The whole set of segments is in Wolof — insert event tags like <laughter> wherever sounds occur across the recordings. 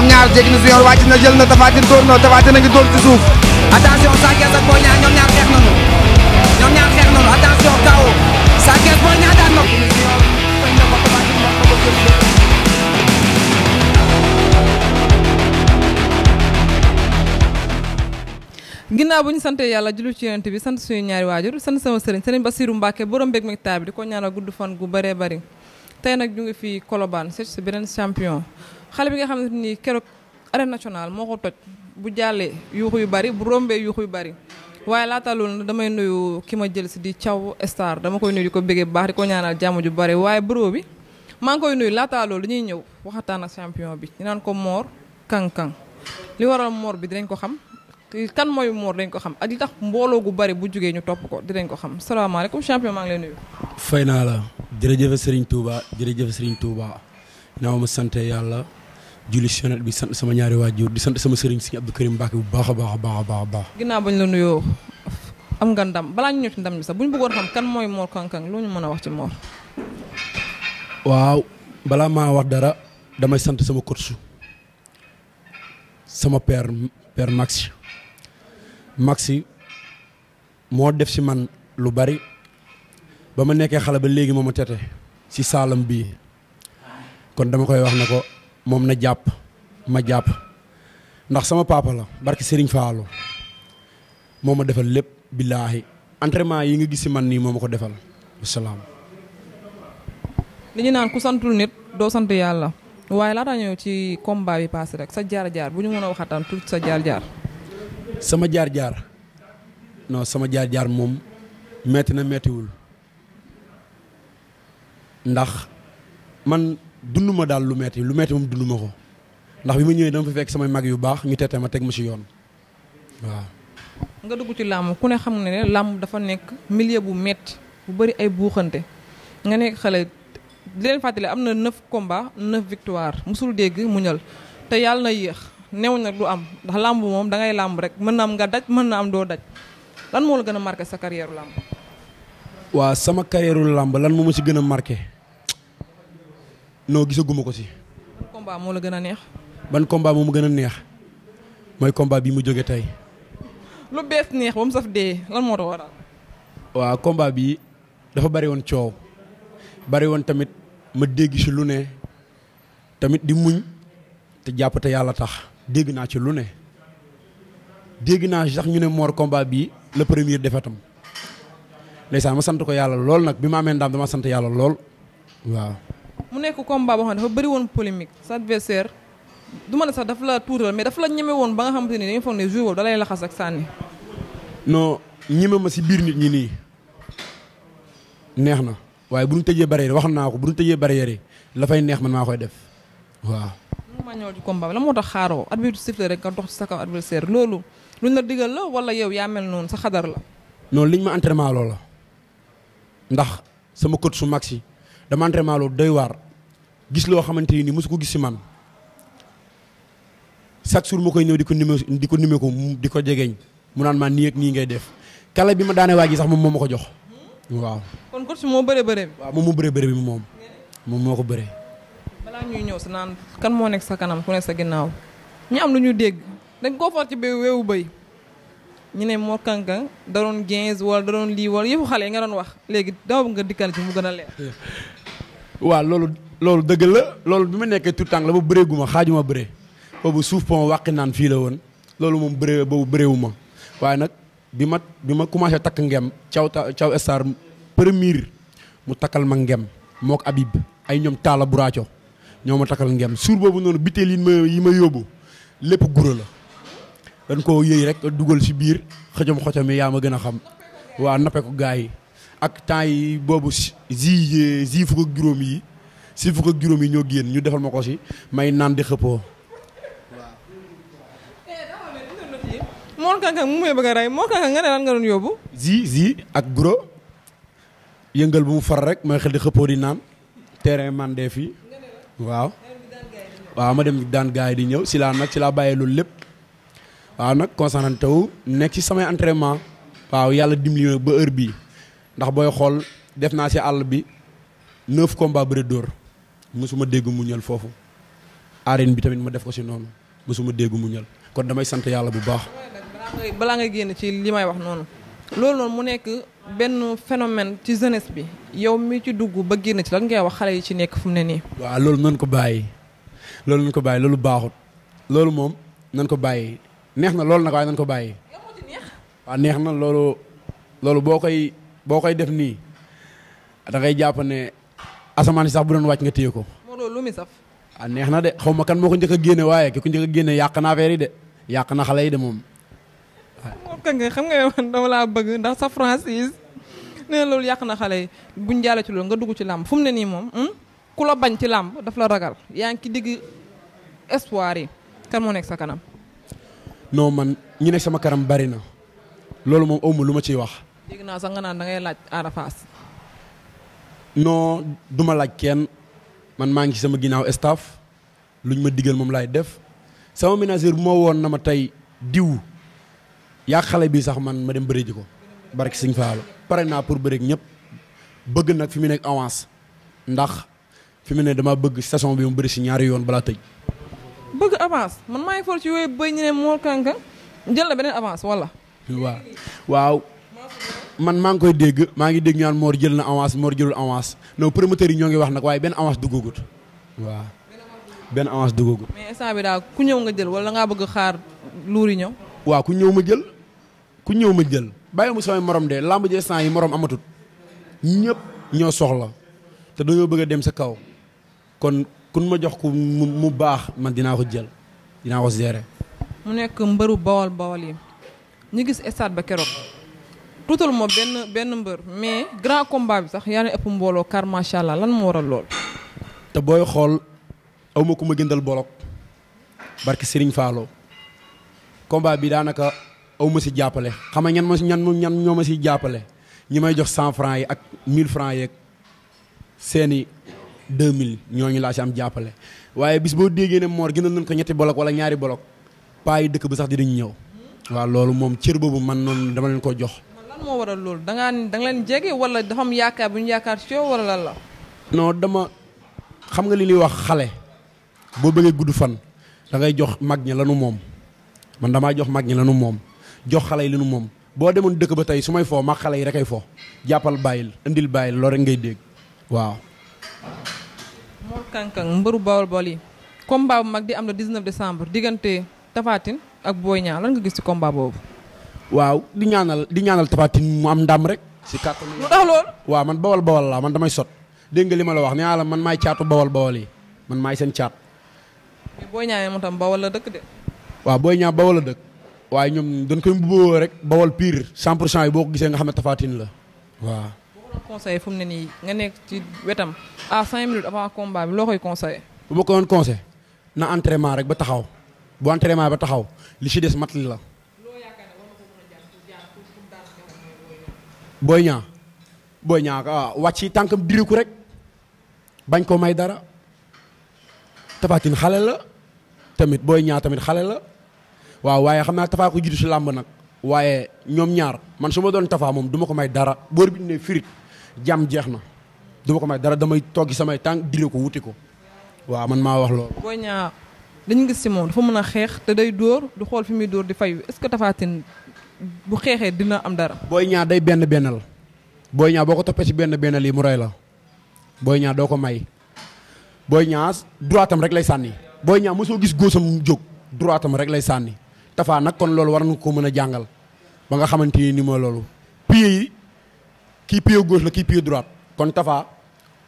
ñoom ñaar jéggi na su yor wàcc na jël na Tapha Tine dóor na Tapha Tine a ngi dóor ci suuf attention Sa Thiès ak Boy Niang ñoom ñaar xeex nañu ñoom ñaar xeex nañu attention kaw Sa Thiès Boy Niang daan na ginnaaw bu ñu sante yàlla julli ci yonent bi sant suñu ñaari waajur sant sama sëriñ sëriñ Basiru Mbàkke borom bég meg taa bi di ko ñaanal gudd fan gu bëree bëri tey nag ñu ngi fii Colobane seet si beneen champion xale bi nga xamante ni keroog arène nationale moo ko toj bu jàllee yuuxu yu bari bu rombee yuuxu yu bari waaye laata loolu damay nuyu ki ma jël si di Thiaw Star dama koy nuyu di ko bëggee bu baax di ko ñaanal jàmm ju bari waaye bureau bi maa ngi koy nuyu laata dañuy ñëw waxataan ak champion bi ñu naan ko Mor li waral Mor bi dinañ ko xam kan mooy Mor dañ ko xam ak li tax mbooloo gu bari bu jugee ñu topp ko dinañ ko xam salaamaaleykum champion maa ngi fay naa la jërëjëf Serigne Touba jërëjëf Serigne Touba sant yàlla. julli si Yonent bi sant sama ñaari waajur di sant sama sëriñ Sëriñ Abdou Karim Mbacke bu baax a baax a baax a baax a baax ginnaaw bañ la nuyoo am nga ndam balaa ñu ñëw ci ndam bi sax bu ñu bëggoon xam kan mooy Mor Kang Kang loo ñu mën a wax ci Mor waaw balaa maa wax dara damay sant sama coach sama père père Maxi Maxi moo def si man lu bari ba ma nekkee xale ba léegi moo ma tete si saalam bii kon dama koy wax ne ko moom na jàpp ma jàpp ndax sama papa la barki Serigne Fallou moo ma defal lépp billaahi entraînement yi nga gis si man nii moom ma ko defal wasalaam. li ñu naan ku santul nit doo sant yàlla waaye laata ñëw ci combat bi paas rek sa jaar-jaar bu ñu mën a waxataan tuuti sa jaar-jaar. sama jaar-jaar non sama jaar-jaar moom metti na mettiwul ndax man. dund ma daal lu metti lu metti moom dund ma ko ndax bi ma ñëwee dama fi fekk samay mag yu baax ñu tete ma teg ma ci yoon waaw. nga dugg ci làmb ku ne xam ne ne làmb dafa nekk milieu bu mett bu bëri ay buuxante nga nekk xale di leen fàttali am na 9 combats 9 victoire mosul dégg muñal te yàlla na yéex new nag du am ndax làmb moom dangay làmb rek mën na am nga daj mën na am doo daj lan moo la gën a marqué sa carrière làmb. waa sama carrière làmb lan moo ma ci gën a marqué. non gisaguma ko si. ban moo la gën a neex. ban combat moo ma gën a neex mooy combat bi mu jóge tey. lu bees neex ba mu saf dee lan moo tax waral. waaw combat bii dafa bari woon coow bari woon tamit ma dégg ci lu ne tamit di muñ te jàpp te yàlla tax dégg naa ci lu ne dégg naa sax ñu ne Mor combat bii la première defetam ndeysaan ma sant ko yàlla lool nag bi ma amee ndam dama sant yàlla lool waaw. mu nekk combat boo xam dafa bari woon polémique sa adversaire du ma ne sax dafa la tuutal mais daf la ñeme woon ba nga xamante ni dañu foog ne jour boobu da lay laxas ak sànni. non ñeme ma si biir nit ñi nii neex na waaye bu ñu tëjee barrière wax naa ko bu ñu tëjee barrière la fay neex man naa koy def waaw. mën maa ñëw ci combat la moo tax xaaroo arbitre siffle rek nga dox ci sa adversaire loolu lu la digal la wala yow yaa mel noonu sa xadar la. non liñ ma entraînement la ndax sama coach su mag si dama entraînement loolu doy waar gis loo xamante ni mosu ko gis si man chaque jour moo koy ñëw di ko numé di ko numé ko di ko jegeeñ mu naan maa nii ak nii ngay def kala bi ma daane waa ji sax moom moo ko jox waaw. kon coach moo bëree bëree bi. moo bëree bëree bi moom moom moo ko bëree. balaa ñuy ñëw si naan kan moo nekk sa kanam ku nekk sa ginnaaw ñu am lu ñu dégg dañ koo for ci béy weewu béy ñu ne moo Kang Kang da doon 15 da doon lii wala yëfu xale yi nga doon wax léegi daaw nga dikkal ci mu gën a <laughs> waaw loolu loolu dëgg la loolu bi ma nekkee tout temps la ba bëree gu ma xaaju ma bëree boobu suuf pont wàqi naan fii la woon loolu moom bëree boobu bëreewu ma waaye nag bi ma bi ma commencé takk ngem caw caw star premier mu takkal ma ngem moo ko Habib ay ñoom taala buraaco ñoo ma takkal ngem suur boobu noonu biteel yi ma yi ma yóbbu lépp guro la dañ ko yëy rek dugal si biir xajom xëjom yi yaa ma gën a xam waa nappe ko gars yi ak temps yi boobu si ji fukk ak juróom yi si fukk ak juróom yi ñoo génn ñu defal ma ko si may naan di xëppoo. Mor Kanka mu may bëgg a rey Mor Kanka nga ne lan nga doon yóbbu. zi zi ak guro yëngal bu mu far rek may xel di xëppoo di naan terrain mandee fii waaw. waaw ma dem daan gars di ñëw si laa nag si laa bàyyee loolu lépp waaw nag concentré nekk si samay entraînement waaw yàlla dimbali ba heure bii. ndax booy xool def naa si àll bi neuf combats bëre dóor mosuma dégg mu ñël foofu arène bi tamit ma def ko si noonu mosuma dégg mu ñël kon damay sant yàlla bu baax. balaa ngay génn ci li may wax noonu loolu noonu mu nekk benn phénomène ci jeunesse bi yow mi ci dugg ba génn ci lan ngay wax xale yi ci nekk fu mu ne nii. waaw loolu nan ko bàyyi loolu nan ko bàyyi loolu baaxut loolu moom nan ko bàyyi neex na loolu nag waaye nan ko bàyyi. waaw neex na loolu loolu boo koy def nii da ngay ne asamaan si sax bu doon wàcc nga téye ko. Modou Lo lu muy saf. ah neex na de xaw ma kan moo ko njëkk a génne waaye ki ko njëkk a génne yàq na affaire de yàq na xale yi de moom. xam nga xam nga laa bëgg ndax sa Francis loolu yàq na xale yi buñ jàllee ci loolu nga dugg ci làmb fu ne nii moom hmm? ku la bañ ci làmb daf la ragal yaa ngi ci digg espoir yi kan moo nekk sa kanam. non man ñi nekk sama kanam bari na loolu moom aw lu ma ciy wax. dégg naa sax nga naan da ngay laaj Ada Fass. laaj kenn man maa ngi ci sama ginnaaw staff luñ ma digal moom laay def sama ménageur bu ma woon na ma tey diw yaa xale bi sax man ma dem bëri ji ko. barke Sëñ Fallu pare naa pour bëreeg ñëpp bëgg nag fi mu nekk avance ndax fi mu ne dama bëgg saison bi mu si ñaari yoon balaa tëj. bëgg avance man maa ngi beneen avance wala. waaw. man maa ngi koy dégg maa ngi dégg ñu naan Mor jël na avance Mor jëlul avance non promoteurs yi ñoo ngi wax nag waaye benn avance duggagut waaw benn avance duggagut. mais instant bi daal ku ñëw nga jël wala ngaa bëgg xaar luur yi waaw ku ñëw ma jël ku ñëw ma jël bàyyi mu samay de lamb ji instant yi morom amatut ñëpp ñoo soxla te dañoo bëgg a dem sa kaw kon kun ma jox ko baax man dinaa ko jël dinaa ko nekk mbëru bawol bawol yi ñu gis stade ba keroog. tuutal ma benn benn mbër mais grand combat bi sax yaa ngi ëpp mbooloo car macha allah lan moo waral lool. te booy xool awma ku ma gëndal bolok barki siriñ Fallou combat bi daanaka awma si jàppale xam nga ñan ma si ñan ñan ñoo ma si jàppale ñi may jox cent franc yi ak mille franc yeeg seeni deux ñoo ñooñu laa si am jàppale waaye bis boo déggee ne moor gënal nañ ko ñetti bolok wala ñaari bolok paa dëkk bi sax dinañ ñëw. waa loolu moom cër boobu man noonu dama leen ko jox. lan war a loolu da ngaa da leen jege wala dafa am yaakaar bu ñu yaakaar ci yow wala la. noo dama xam nga li ñuy wax xale boo bëggee gudd fan dangay jox mag ñi lanu moom man damaa jox mag ñi lanu moom jox xale yi lanu moom boo demoon dëkk ba tey su may foo mag xale yi rekay foo jàppal bàyyil indil bàyyil loolu rek ngay dégg waaw. Mor Kang mbëru Bawol Bawol yi combat bu mag di am le 19 décembre diggante Tapha ak Boy ñaa lan nga gis ci combat boobu. waaw di ñaanal di ñaanal tafatin mu am ndam rek. si kàttan lu tax man bawal bawal laa man damay sot dégg nga li ma la wax nee naa la man maay caatu bawal bawal yi man maay seen caat. mais boo ñaanee mu tam bawal la dëkk de. waaw booy ñaa bawal la dëkk. waaye ñoom dañ koy mbubboo rek bawal piir 100 pour cent yi boo ko gisee nga xam ne tafatin la waaw. boo ko conseillé mu ne nii nga nekk ci wetam a 5 minutes avant combat bi loo koy conseillé. bu ma ko doon na entraînement rek ba taxaw bu entraînement ba taxaw li ci des mat la. Boy Niang Boy Niang ah, wàcc ci tànkam diriku rek bañ koo may dara Tapha xale la tamit booy Niang tamit xale la waaw waaye xam naa Tapha ko jiitu si làmb nag waaye ñoom ñaar man su ma doon Tapha moom duma ko may dara boor bi ne firit jàmm jeex na du ko may dara damay toggi samay tànk diriku wuti ko waaw man maa wax loolu. Boy ñaa dañu gis si moom dafa mën a xeex te day dóor du xool fi muy dóor di fayu est-ce que bu xeexee dina am dara. booy ñaa day benn bennal booy ñaa boo ko toppee ci benn bennal yi mu rey la booy ñaa doo ko may booy ñaa droitam rek lay sànni booy ñaa mosoo gis góosam mu jóg droitam rek lay sànni tafaa nag kon loolu war na ko mën a jàngal ba nga xamante ni moo loolu. pied yi kii pied gauche la kii pied droite kon tafaa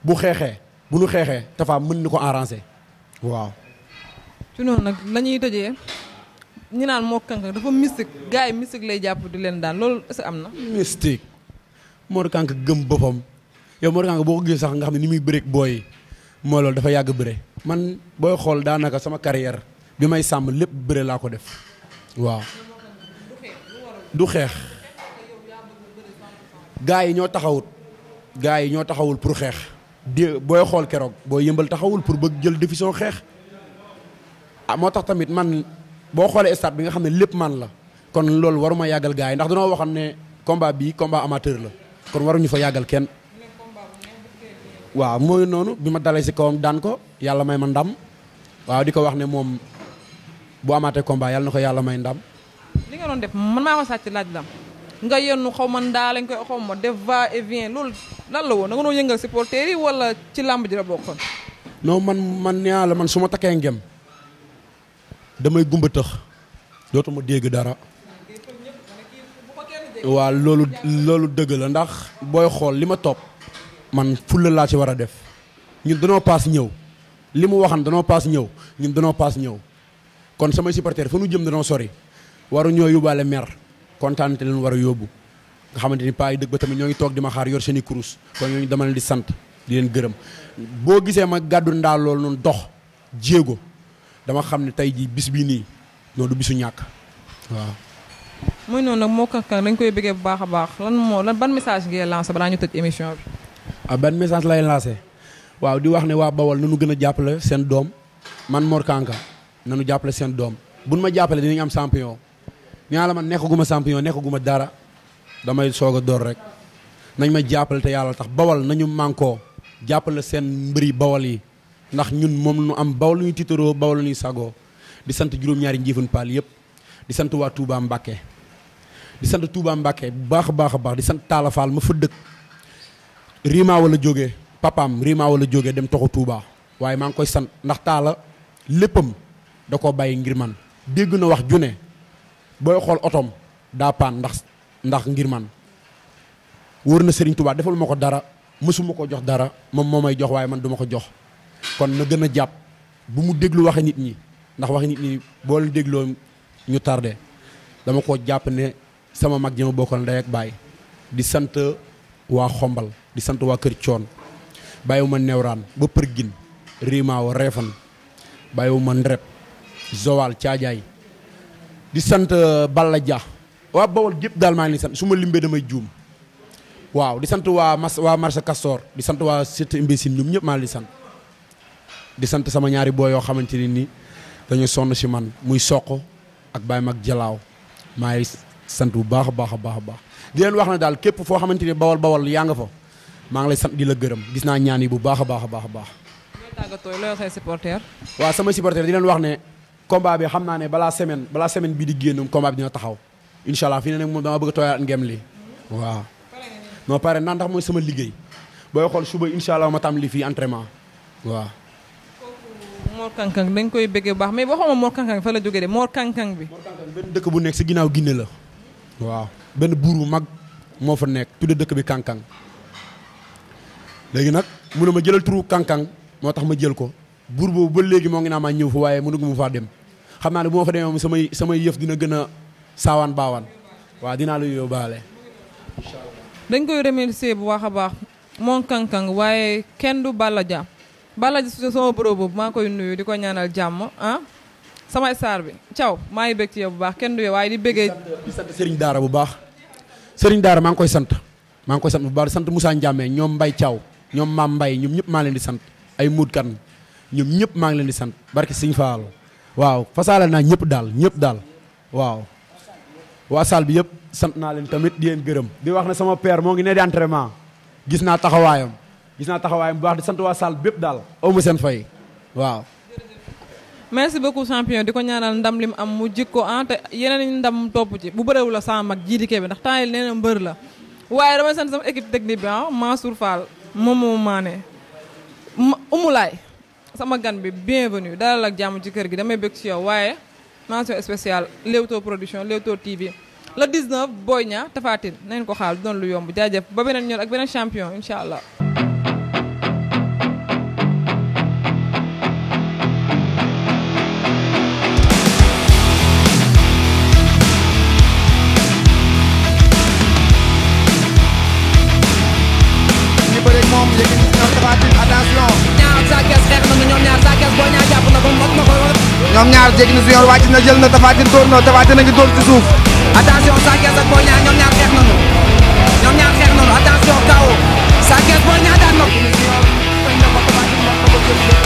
bu xeexee bu nu xeexee tafaa mën na ko arranger waaw. ñi naan moo kànk dafa mystique gars yi mystique lay jàpp di leen daan loolu est-ce am na. mystique Mor Kànk gëm boppam yow Mor Kànk boo ko gis sax nga xam ne ni muy bëreeg booy moo loolu dafa yàgg bëre man booy xool daanaka sama carrière bi may sàmm lépp bëre laa ko def waaw. du xeex gars yi ñoo taxawut gars yi ñoo taxawul pour xeex. di booy xool keroog booy yëmbal taxawul pour bëgg jël décision xeex ah, moo tax tamit man. boo xoolee stade bi nga xam ne lépp man la kon loolu waruma yàggal gars yi ndax dañoo waxam ne combat bii combat amateur la kon waruñu fa yàggal kenn. waaw mooy noonu bi ma dalee si kawam daan ko yàlla may ma ndam waaw di ko wax ne moom bu amaatee combat yàlla na ko yàlla may ndam. li nga doon def man maa ma sàcc laaj la nga yenn xaw ma ndaa lañ koy xaw ma def va et vient loolu lan la woon da nga doon yëngal supporters yi wala ci làmb ji la bokkoon. non man man nee la man su ma takkee ngem. damay gumba tëx dootuma dégg dara waa loolu loolu dëgg la ndax booy xool li ma topp man fulla laa ci war a def ñun danoo paas ñëw li mu waxan danoo paas ñëw ñun danoo paas ñëw kon samay supporters fa nu jëm danoo sori waru ñoo yóbbaale mer kontaan te leen war a yóbbu nga xamante ni paa yi dëgg ba tamit ñoo ngi toog di ma xaar yor seeni kurus kon ñooñu dama di sant di leen gërëm boo gisee ma gàddu ndaa loolu noonu dox jéego dama xam ne tey jii bis bii nii noonu du bisu ñàkk waaw. mooy noonu nag moo Kër Kër dañ koy bëggee bu baax a baax lan moo lan ban message ngay lancé balaa ñu tëj émission bi. ah ban message lay lancé waaw di wax ne waa Bawol na nu gën a jàppale seen doom man moor Kanka na nu jàppale seen doom buñ ma jàppale dinañ am champion. ñaa la man nekkaguma champion nekkaguma dara damay soog a door rek nañ ma jàppale te yàlla tax Bawol nañu mànkoo jàppale seen mbëri Bawol yi. ndax ñun moom nu am baw bawal ñuy tiitaroo lu ñuy sagoo di sant juróom-ñaari njiifan paal yëpp di sant waa Touba di sant Touba Mbakke bu baax a baax a baax di sant Talla Fall ma fa dëkk Rima wala jógee papaam Rima wala jógee dem toxu Touba waaye maa ngi koy sant ndax Talla léppam da koo bàyyi ngir man dégg na wax june booy xool otoom daa paan ndax ndax ngir man wóor na Serigne Touba defal ma ko dara mësuma ko jox dara moom moo may jox waaye man duma ko jox. kon na gën a jàpp bu mu déglu waxe nit ñi ndax waxe nit ñi boo dégloo ñu tardé dama ko jàpp ne sama mag ji ma bokkal ndey ak baay di sant waa xombal di sant waa kër coon bàyyiwuma newraan ba përgin riimaaw reefan bàyyiwuma ndreb zowal caajaay di sant euh, Balla Dia waa bool gépp daal maa ngi sant su ma limbee damay juum waaw di sant waa mas waa marché Castor di sant waa cité Mbéssine ñoom ñëpp maa ngi sant di sant sama ñaari boo yoo xamante ne ni dañu sonn si man muy soq ak Baye Mag Jalaaw maa ngi sant bu baax a baax a baax a baax di leen wax na daal képp foo xamante ni bawal bawal yaa nga fa maa ngi lay sant di la gërëm gis naa ñaan yi bu baax a baax a baax a baax. tàggatoo looy say supporter. waaw sama supporter di leen wax ne combat bi xam naa ne balaa semaine balaa semaine bii di génn combat bi dina taxaw incha allah fi ne nag moom dama bëgg a tooyaat ngem li waaw. non pare naa ndax mooy sama liggéey booy xool suba incha ma tam li fii entraînement waaw. Mor Kankang dañ koy bëggee bu baax mais waxuma Mor Kankang fa la jógee de Mor Kankang bi. benn dëkk bu nekk si ginnaaw Guinée la. waaw benn buur bu mag moo fa nekk tudde dëkk bi Kankang. léegi nag mu ne ma jëlal turu Kankang moo tax ma jël ko buur boobu ba léegi moo ngi naa maa ñëw fa waaye mënugu mu faa dem xam naa ne bu ma fa demee moom samay samay yëf dina gën a saawaan baawaan waaw dinaa la baale dañ koy remercier bu baax a baax moom Kankang waaye kenn du Balla Dia bala sama bro boobu maa koy nuyu di ko ñaanal jàmm ah samay saar bi caw maa ngi bég ci yow bu baax kenn du waaye di béggee di Daara bu baax sëriñ Daara maa ngi koy sant maa ngi koy sant bu baax di sant Moussa Ndiamé ñoom mbay Thiaw ñoom Maam Mbaye ñoom ñëpp maa leen di sant ay muut kan ñoom ñëpp maa ngi leen di sant barke Serigne Fall waaw fasaale naa ñëpp daal ñëpp daal waaw waa saal bi yëpp sant naa leen tamit di leen gërëm di wax na sama père moo ngi ne di entraînement gis naa taxawaayam gis naa taxawaayam bu baax di sant waa Sall bépp daal aw ma seen fay waaw. merci champion di ko ñaanal ndam lim am mu jikko ah te yeneen ndam topp ci bu bëreewul la sama mag jiidi kee bi ndax temps yii nee mbër la waaye damay sant sama équipe technique bi ah Mansour Fall moom moo maane umulaay sama gan bi bienvenue dalal ak jàmm ci kër gi damay bëgg ci yow waaye mention spéciale Leewtoo production Leewtoo TV le 19 Boy Niang Tapha Tine ko xaal doon ñoom ñaar saakees boo ñaar jàpp jël na tafaatin dóor na tafaatin a ngi dóor ci suuf attention saakees ak boo ñoom ñaar xeex nañu ñoom ñaar xeex nañu attention kaw saakees boo daan na